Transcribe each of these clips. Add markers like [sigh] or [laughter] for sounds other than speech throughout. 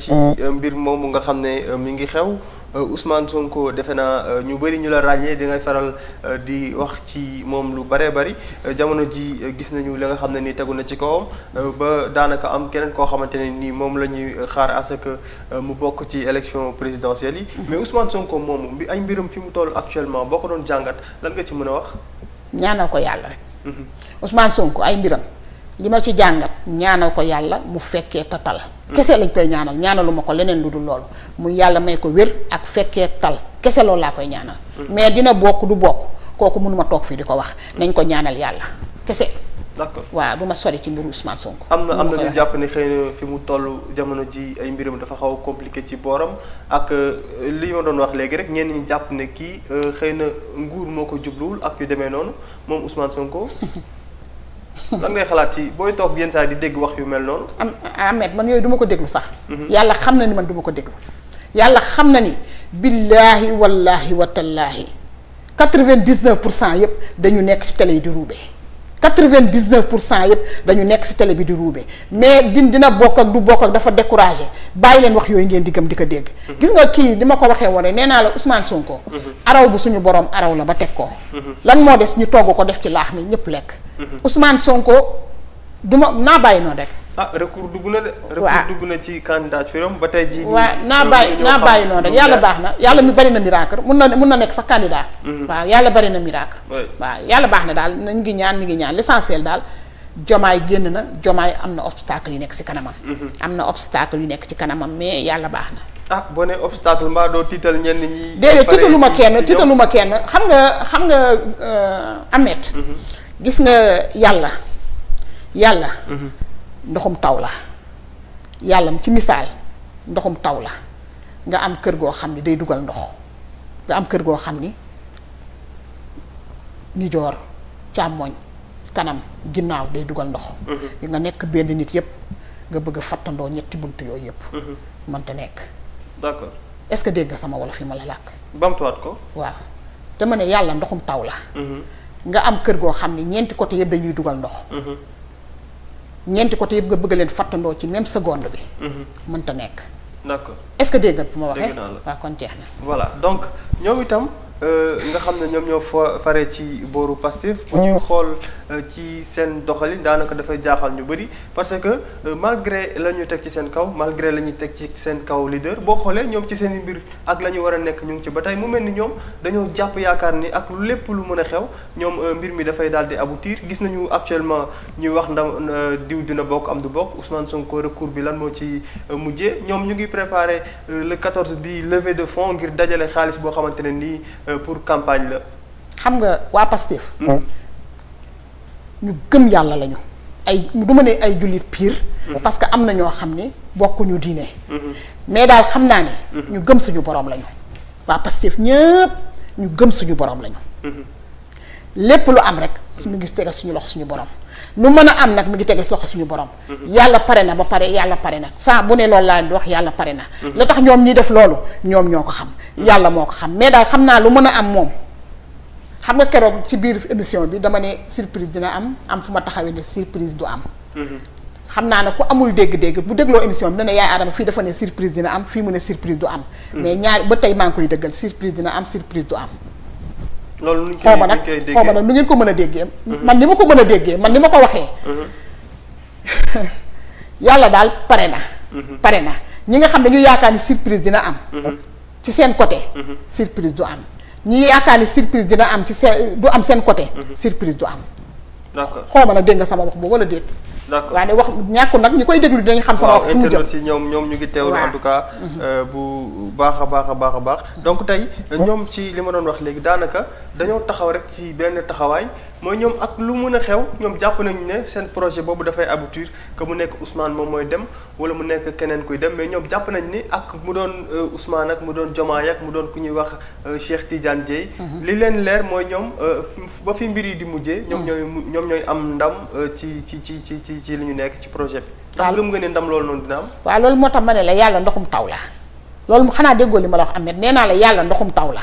ci mm. euh, mbir moomu nga xam ne euh, mi ngi xew euh, Ousmane Sonko defe naa ñu bëri ñu la ràññee di ngay faral di wax ci moom lu bëree bari jamono ji gis nañu la nga xam ne nii tegu na ci kawam ba daanaka am keneen koo xamante ne nii moom la ñuy xaar à ce que mu bokk ci élection présidentielle yi. Mm-hmm. mais Ousmane Sonko moom bi ay mbiram fi mu toll actuellement boo ko doon jàngat lan nga ci mën a wax. ñaanal ko yàlla rek. Mm-hmm. Ousmane Sonko ay mbiram li ma ci jàngat ñaanal ko yàlla mu fekkee tatal. kese lañ koy ñaanal ñaanaluma ko leneen lu dul loolu mu yàlla may ko wér ak fekkee tal kese loolu laa koy ñaanal. Mm. mais dina bokk du bokk kooku mënuma toog fii di ko wax. Mm. nañ ko ñaanal yàlla kese. d'accord waaw du ma sori ci mbiru Ousmane Sonko. am na am na ñu jàpp ne xëy na fi mu toll jamono ji ay mbiram dafa xaw a compliqué ci booram ak euh, li ma doon wax léegi rek ñenn ñu jàpp ne kii euh, xëy na nguur moo ko jubluwul ak yu demee noonu moom Ousmane Sonko. [laughs] lan ngay xalaat ci booy toog yenn saa di dégg wax yu mel noonu. am Ahmed man yooyu duma ko déglu sax. Mhm. yàlla xam na ni man duma ko déglu. yàlla xam na ni billaahi wallaahi watallaahi quatre-vingt-dix-neuf pour cent yëpp dañu nekk ci télé yi di ruubee. 99 pour cent yëpp dañu nekk ci télé bi di ruube mais di dina bokk ak du bokk ak dafa découragé bàyyi leen wax yooyu ngeen di gëm di ko dégg. gis nga kii di ma ko waxee woon nee naa la Ousmane Sonko. araw bu suñu borom araw la ba teg ko. lan moo des ñu togg ko def ci laax mi ñëpp lekk. Mhm. Ousmane Sonko du ma naa bàyyi noonu rek. ah recours dugg na de. recours dugg na ci candidature am ba tey jii. naa bàyyi naa bàyyi noonu rek yàlla baax na yàlla mi bari na miracle mun na mun na nekk sax candidat. Mhm. waaw yàlla bari na miracle. waaw yàlla baax na daal ñu ngi ñaan ñu ngi ñaan l'essentiel daal. jomaay génn na jomaay am na obstacle yu nekk ci kanamam. Mhm. am na obstacle yu nekk ci kanamam mais yàlla baax na. ah boo nee obstacle mbaa doo tiital ñenn ñi. déedéet tiitalu ma kenn tiitalu ma kenn xam nga xam nga euh, Ameth. Mhm. gis nga yàlla yàlla. ndoxum taw la yàllam ci misaal ndoxum taw la nga am kër goo xam ni day dugal ndox nga am kër goo xam ni nijoor càmmoñ kanam ginnaaw day dugal ndox yi mhm. nga nekk benn nit yépp nga bëgg a fattandoo ñetti bunt yooyu yépp mhm. mënta nekk d'accord ce que dégg sama wolof yi ma la làkk bamtuwaat ko waaw te ma ne yàlla ndoxum taw la mhm. nga am kër goo xam ni ñeenti côté yépp dañuy dugal ndox ñeenti côté yëpp nga bëgg leen fàttandoo ci même seconde bi. Mhm. mënta nekk. d'accord est-ce que dégg fu ma waxee. waaw kon jeex na. voilà donc ñoom itam. Euh, nga xam ne ñoom ñoo fa fare ci booru Pastef ku ñuy mm. xool euh, ci seen doxalin daanaka dafay jaaxal ñu bëri parce que euh, malgré la ñu teg ci seen kaw malgré la ñuy teg ci seen kaw leader boo xoolee ñoom ci seen i mbir ak la ñu war a nekk ñu ngi ci ba tey mu mel ni ñoom dañoo jàpp yaakaar ni ak lépp lu mën a xew ñoom mbir mi dafay daal di aboutir gis nañu actuellement ñuy wax ndam diw dina bokk am du bokk Ousmane Sonko recours bi lan moo ci mujjee ñoom ñu ngi préparé le 14 bi levée de fonds ngir dajale xaalis boo xamante ne nii Euh, pour campagne la. xam nga waa Pastef. Hmm. ñu gëm yàlla lañu. ay du ma ne ay jullit pire. Hmm. parce que am na ñoo xam ne bokkuñu diine. Hmm. mais daal xam naa ni ñu gëm suñu borom lañu. waa Pastef ñëpp ñu gëm suñu borom lañu. lépp lu am rek mu ngi tege suñu loxo suñu borom lu mën a am nag mu ngi tege si suñu borom. Mhm. yàlla pare na ba pare yàlla pare na saa bu ne loolu laa di wax yàlla pare na. Mhm. la tax ñoom ñi def loolu ñoom ñoo ko xam. Mhm. yàlla moo ko xam mais daal xam naa lu mën a am moom. xam nga keroog ci biir émission bi dama ne surprise dina am am fu ma taxawee ne surprise du am. xam naa ne ku amul dégg-dégg bu dégloo émission bi dana yaay Adama fii dafa ne surprise dina am fii mu ne surprise du am. mais ñaar ba tey maa koy dëggal surprise dina am surprise du am. loolu xaw ma nag xaw ma nag nu ngeen ko mën a déggee. man ni ma ko mën a déggee man ni ma ko waxee. Mhm. yàlla daal pare na. Mhm. pare na ñi nga xam ne ñu yaakaar ni surprise dina am. Mhm. ci seen côté. surprise du am ñi yaakaar ni surprise dina am ci seen du am seen côté. surprise du am. d'accord xaw ma nag dégg nga sama wax boobu wala déet. d'accord waaye wax ñàkku nag ñi koy déglu dinañ xam sama wax fu mu jëm si ñoom ñoom ñu ngi teewlu en tout cas mm-hmm. euh, bu baax a baax a baax a baax donc tey ñoom ci li ma doon wax léegi daanaka dañoo taxaw rek ci benn taxawaay mooy ñoom ak lu mën a xew ñoom jàpp nañu ne seen projet boobu dafay aboutir que mu nekk Ousmane moom mooy dem wala mu nekk keneen kuy dem mais ñoom jàpp nañ ni ak mu doon euh, Ousmane ak mu doon Diomaye ak mu doon ku ñuy wax euh, Cheikh Tidiane Dieye mm-hmm. li leen leer mooy ñoom ba fi mbir yi di mujjee ñoom mm-hmm. ñooy ñoom ñooy am ndam ci ci ci ci ci ci ci li ñu nekk ci projet bi. waaw gëm nga ne ndam loolu noonu dina am. loolu moo tax ma ne la yàlla ndoxum taw la loolu xanaa déggoo li ma la wax Ahmed nee naa la yàlla ndoxum taw la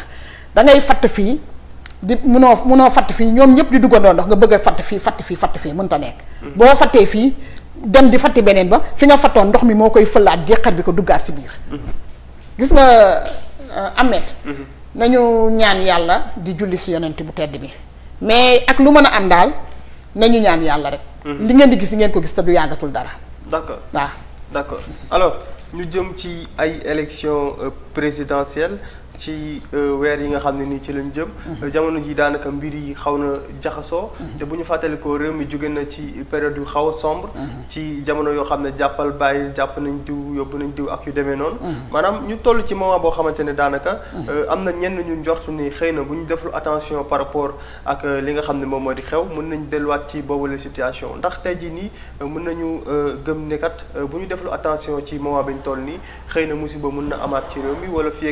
da ngay fii di munoo munoo fatt fii ñoom ñëpp di duggandoo ndox nga bëgg a fatt fii fatt fii fatt fii nekk. Hmm. boo fattee fii dem di fatti beneen ba fi nga fattoon ndox mi moo koy fëlaat jeexar bi ko duggaat si biir. Hmm. gis nga euh, Ahmed. Hmm. nañu ñaan yàlla di julli si yonent bu tedd bi mais ak lu mën a am daal. nañu ñaan yàlla rek. Mhm. li ngeen di gis ngeen ko gis te du yàggatul dara. d'accord waaw d'accord alors ñu jëm ci ay élections euh, présidentielles. ci euh, weer yi nga xam ne nii ci lañ jëm. Mhm. Euh, jamono ji daanaka mbir yi xaw na jaxasoo. Mhm. te bu ñu fàttalikoo réew mi jóge na ci période yu xaw a sombre. Mhm. ci jamono yoo xam ne jàppal bàyyi jàpp nañ diw yóbbu nañ diw ak yu demee noonu. maanaam ñu toll ci moment boo xamante ne daanaka. Euh, am na ñenn ñu njortu ni xëy na bu ñu deflu attention par rapport ak li nga xam ne moom moo di xew mën nañ delluwaat ci boobule situation ndax tey ji nii mën nañu gëm ne bu ñu deflu attention ci moment bi ñu toll nii xëy na musiba mën na amaat wala fii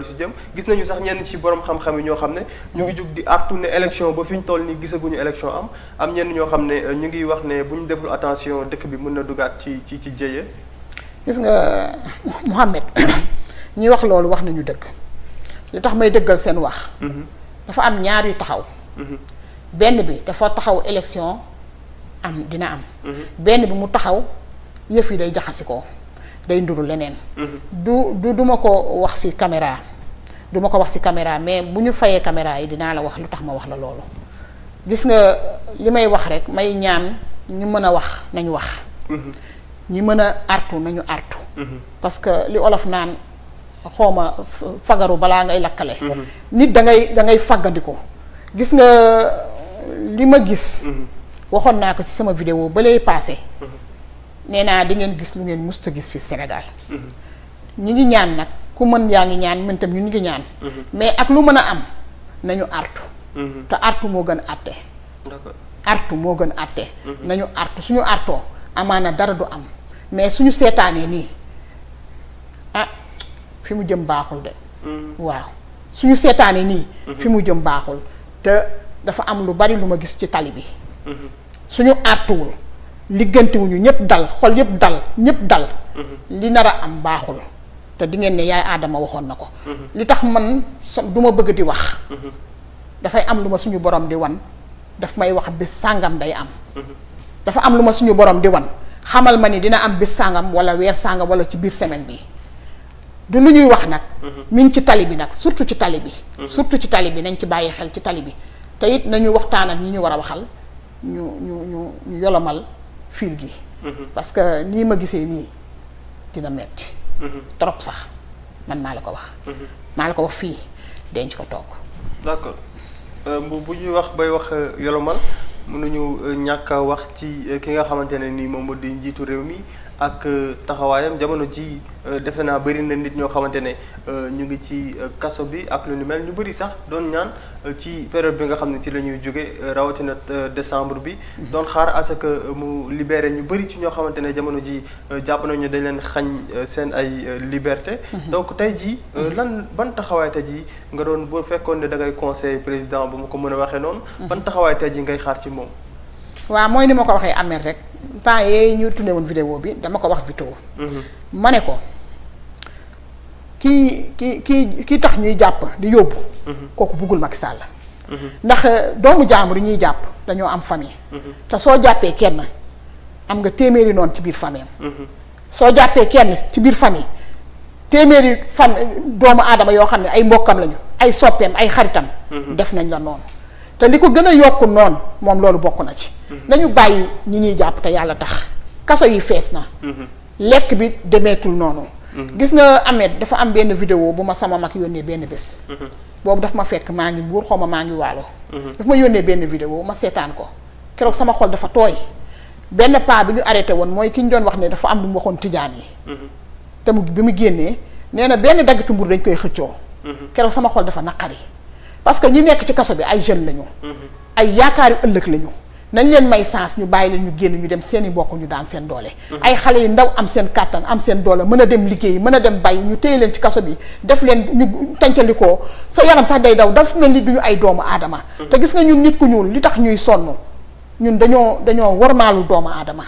lu si jëm gis nañu sax ñenn ci borom xam-xam yi ñoo xam ne ñu ngi jug di artu ne élection ba fi ñu toll nii gisaguñu élection am am ñenn ñoo xam ne euh, ñu ngi wax ne bu ñu deful attention dëkk bi mën na dugaat ci ci ci jéye gis nga Mouhamed ñi wax loolu wax nañu dëkk li tax may dëggal seen wax mhm. dafa am ñaari taxaw mhm. benn bi dafa taxaw élection am dina am mhm. benn bi mu taxaw yëf yi day jaxasi ko day nduru leneen du du duma ko wax ci caméra duma ko wax ci caméra mais bu ñu fayee caméra yi dinaa la wax lu tax ma wax la loolu gis nga li may wax rek may ñaan ñu mën a wax nañu wax mm-hmm. ñi mën a artu nañu artu mm-hmm. parce que li olof naan xooma fagaru balaa ngay lakkale mm-hmm. nit da ngay da ngay fàggandiku gis nga li ma gis waxoon naa ko ci sama vidéo ba lay nee naa di ngeen gis lu ngeen musta gis fi Sénégal ñi ngi ñaan nag ku mën yaa ngi ñaan mën tam ñu ngi ñaan. Mhm. mais ak lu mën a am nañu artu. Mhm. te artu moo gën àtte. artu moo gën àtte. Mhm. nañu artu suñu artoo amaana dara du am mais suñu seetaanee nii ah fi mu jëm baaxul de. waaw suñu seetaanee nii. fi mu jëm baaxul te dafa am lu bari lu ma gis ci tali bi. suñu artuwul liggantewuñu ñëpp dal xol yëpp dal ñëpp dal. li nar a am baaxul. te di ngeen ne yaay aadama waxoon na ko li tax man so du ma bëgg di wax dafay am lu ma suñu borom di wan daf may wax bis sàngam day am dafa am lu ma suñu borom di wan xamal ma ni dina am bis sàngam wala weer sàngam wala ci biir semaine bi du lu ñuy wax nag mi ci tali bi nag surtout ci tali bi surtout ci tali bi nañ ci bàyyi xel ci tali bi te nañu waxtaan ak ñi ñu war a waxal ñu ñu ñu yolomal fiir gi mhm. parce que nii ma gisee nii dina metti trop sax man maa la ko wax. maa la ko wax fii denc ko toog. d'accord euh, bu bu ñuy wax bay wax euh, yolomal mënuñu euh, ñàkk a wax ci ki nga xamante ne nii moom di njiitu réew mi. ak euh, taxawaayam jamono ji euh, defe naa bëri na nit ñoo xamante ne euh, ñu ngi ci kaso bi ak lu ni mel ñu bëri sax doon ñaan ci période bi nga xam ne ci lañuy ñuy jóge rawatina décembre bi mm-hmm. doon xaar à que mu libere ñu bëri ci ñoo xamante ne jamono ji jàpp nañu dañ leen xañ seen ay liberté mm-hmm. donc tey jii mm-hmm. lan ban taxawaay tey jii nga doon boo fekkoon ne da ngay conseil président bu ma ko mën a waxee noonu ban taxawaay tey jii ngay xaar ci moom waaw mooy ni ma ko waxee am rek temps yee ñu tourné woon vidéo bi dama ko wax Vito. Mhm. ma ne ko kii ki kii kii tax ñuy jàpp di yóbbu. Mhm. kooku buggul mag Sall. Mhm. ndax euh, doomu jaambur yi ñuy jàpp dañoo am famille. te soo jàppee kenn am nga téeméeri noonu ci biir famille soo jàppee kenn ci biir famille téeméeri fam doomu aadama yoo xam ne ay mbokkam lañu ay soppeem ay xaritam. def nañ la noonu. te li ko gën a yokk noonu moom loolu bokk na ci mhm. nañu bàyyi ñu ñuy jàpp te yàlla tax kaso yi fees na mhm. lekk bi demeetul noonu mhm. gis nga Ahmed dafa am benn vidéo bu ma sama mag yónnee benn bés boobu daf ma fekk maa ngi mbuur xaw ma maa ngi waalo daf ma yónnee benn video ma seetaan ko keroog sama xol dafa tooy benn paa bi ñu arrêté woon mooy ki ñu doon wax ne dafa am lu mu waxoon tijaan yi te mu bi mu génnee nee na benn daggitu mbur dañ koy xëccoo keroog sama xol dafa naqari parce que ñi nekk ci kaso bi ay jeunes lañu. ay yaakaari ëllëg lañu. nañ leen may sens ñu bàyyi leen ñu génn ñu dem seeni i mbokk ñu daan seen doole. Mhm. ay xale yu ndaw am seen kàttan am seen doole mën a dem liggéey mën a dem bay ñu téye leen ci kaso bi def leen ñu tàncalikoo sa yaram sax day daw daf mel ni duñu ay doomu aadama. Mhm. te gis nga ñun nit ku ñuul li tax ñuy sonn ñun dañoo dañoo warmaalu doomu aadama.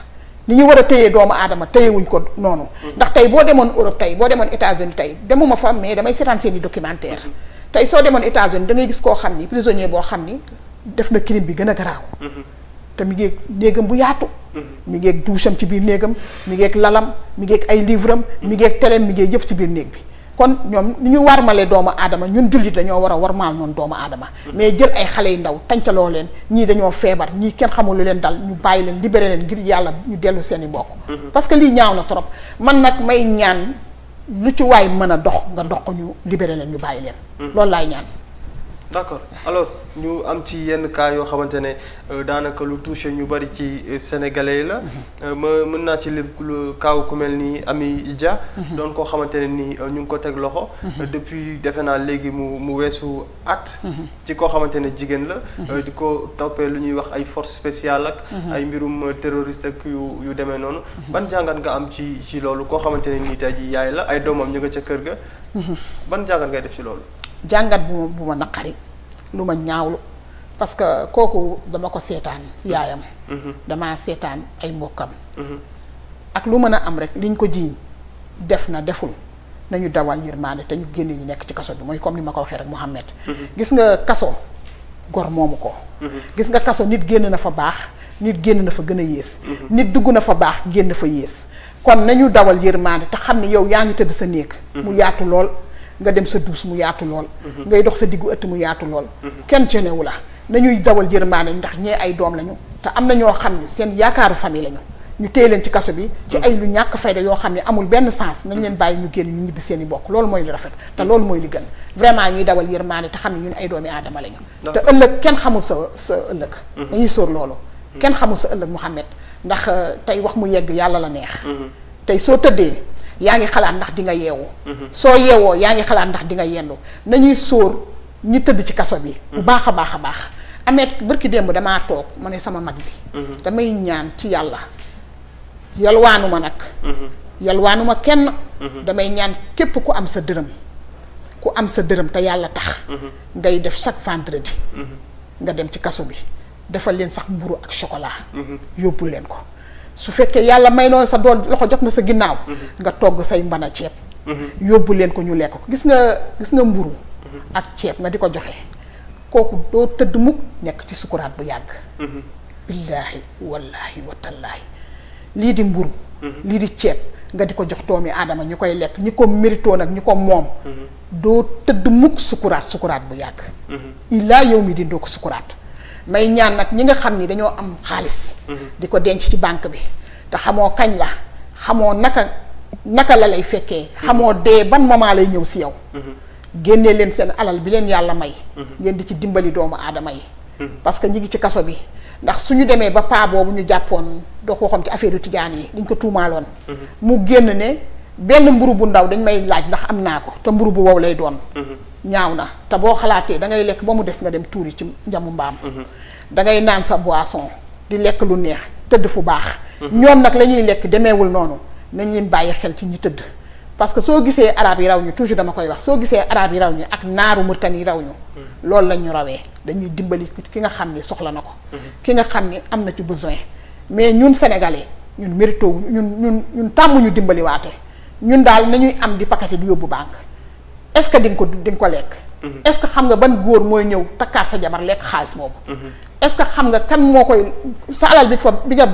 ni ñu war a téyee doomu aadama téyewuñ ko noonu. Mhm. ndax tey boo demoon Europe tey boo demoon États-Unis tey demuma fa mais damay seetaan seen i documentaire. tey soo demoon États-Unis da ngay gis koo xam ni prisonnier boo xam ni def na crime bi gën a garaaw. Mhm. te mi ngeeg néegam bu yaatu. Mhm. mi ngeeg doucham ci biir néegam mi ngeeg lalam mi ngeeg ay livre am mhm. mi ngeeg teleem mi ngeeg yëpp ci biir néeg bi. kon ñoom ni ñu warmale doomu aadama ñun jullit dañoo war a warmaal noonu doomu aadama mais jël ay xale yu ndaw tàncaloo leen ñii dañoo feebar ñii kenn xamul lu leen dal ñu bàyyi leen libéré leen ngir yàlla ñu dellu seen i mbokk parce que lii ñaaw na trop man nag may lu ci waay mën a dox nga dox ko ñu libéré leen ñu bàyyi leen. Mm-hmm. loolu laay ñaan. d' accord alors ñu am ci yenn kaay yoo xamante ne euh, daanaka lu touché ñu bëri ci euh, sénégalais yi la. Mhm. Euh, ma mën naa ci lim kaaw ku mel ni Ami Dia. Mhm. doon koo xamante ne ni ñu ngi ko teg loxo. Mhm. depuis defe naa léegi mu mu weesu at. ci koo xamante ne jigéen la. di ko toppee lu ñuy wax ay force spéciale ak. ay mbirum terroriste ak yu yu demee noonu. ban jàngat nga am ci ci loolu koo xamante ne nii te jii yaay la ay doomam ñu nga ca kër ga. ban jàngat ngay def ci loolu. jàngat bu bu ma naqari lu ma ñaawlu parce que kooku dama ko seetaan yaayam mm-hmm. damaa seetaan ay mbokkam mm-hmm. ak lu mën a am rek liñ ko jiiñ def na deful nañu dawal yërmaande te ñu génne ñu nekk ci kaso bi mooy comme ni ma ko waxee rek Mouhamed mm-hmm. gis nga kaso gor moomu ko gis nga kaso nit génn na fa baax nit génn na gën a yées nit dugg na fa baax génn fa yées kon nañu dawal yërmaande te xam ne yow yaa ngi tëdd sa néeg mu yaatu lool nga dem sa duus mu yaatu lool mhm. ngay dox sa diggu ëtt mu yaatu lool mhm. kenn cenewu la nañuy dawal jërmaane ndax ñee ay doom lañu te am na ñoo xam ne seen yaakaaru famille lañu ñu téye leen ci kaso bi ci mhm. ay lu ñàkk fayda yoo xam ne amul benn sens nañ leen bàyyi ñu génn ñu ñibbi seen bokk loolu mooy li rafet te loolu mooy li gën vraiment ñuy dawal yërmaande te xam ne ñun ay doomi aadama lañu te ëllëg kenn xamul sa sa ëllëg dañuy sóor loolu kenn xamul sa ëllëg Mouhamed ndax euh, tey wax mu yegg yàlla la neex tey soo tëddee yaa ngi xalaat ndax di nga yeewu mhm. soo yeewoo yaa ngi xalaat ndax di nga na ñuy sóor ñu tëdd ci kaso bi bu mhm. baax a baax a baax amet bërki démb damaa toog ma ne sama mag bi mhm. damay ñaan ci yàlla yalwaanu ma nag yalwaanu ma kenn damay ñaan képp ku am sa dërëm ku am sa dërëm te yàlla tax ngay def chaque vendredi nga dem ci kaso bi defal leen sax mburu ak chocolat yóbbu leen ko su fekkee yàlla may noonu sa dool loxo jot na sa ginnaaw mhm. nga togg say mbana ceeb mhm. yóbbu leen ko ñu lekk ko gis nga gis nga mburu mhm. ak ceeb nga di ko joxe kooku doo tëdd mukk nekk ci sukuraat bu yàgg billaahi wallaahi watallaahi lii lii di ceeb nga di ko jox doomi aadama ñu koy lekk ñi nag ñu ko moom tëdd mukk sukuraat sukuraat bu yàgg illaa yow mi di doo ko sukuraat may ñaan nag ñi nga xam ni dañoo am xaalis. Mhm. di ko denc ci banque bi te xamoo kañ la xamoo naka naka la lay fekkee. Mhm. xamoo dee ban moment lay ñëw si yow. Mhm. génnee leen seen alal bi leen yàlla may. ngeen di ci dimbali doomu aadama yi. parce que ñi ngi ci kaso bi ndax su ñu demee ba paa boobu ñu jàppoon dox ko ci affaire yu tijaan yi dañ ko tuumaaloon. mu génn ne benn mburu bu ndaw dañ may laaj ndax am naa ko te mburu bu wow lay doon. ñaaw na te boo xalaatee da ngay lekk ba mu des nga dem tuuri ci njamu mbaam. Mhm. da ngay naan sa boisson di lekk lu neex tëdd fu baax. Mhm. ñoom nag la ñuy lekk demeewul noonu nañ leen bàyyi xel ci ñi tëdd. parce que soo gisee arab yi raw ñi toujours dama koy wax soo gisee arab yi raw ñu ak naaru Mauritanie yi raw ñu. Mhm. loolu la ñu rawee dañuy dimbali ki nga xam ni soxla na ko. ki nga xam ni am na ci besoin. mais ñun sénégalais ñun mérito ñun ñun ñun tàmm ñu dimbali waate ñun daal nañuy am di pakati di yóbbu banque. est-ce que ko di ko lekk. Mhm. est-ce que xam nga ban góor mooy ñëw takkaat sa jabar lekk xaalis boobu. Mhm. est-ce que xam nga kan moo koy sa alal bi fa bi nga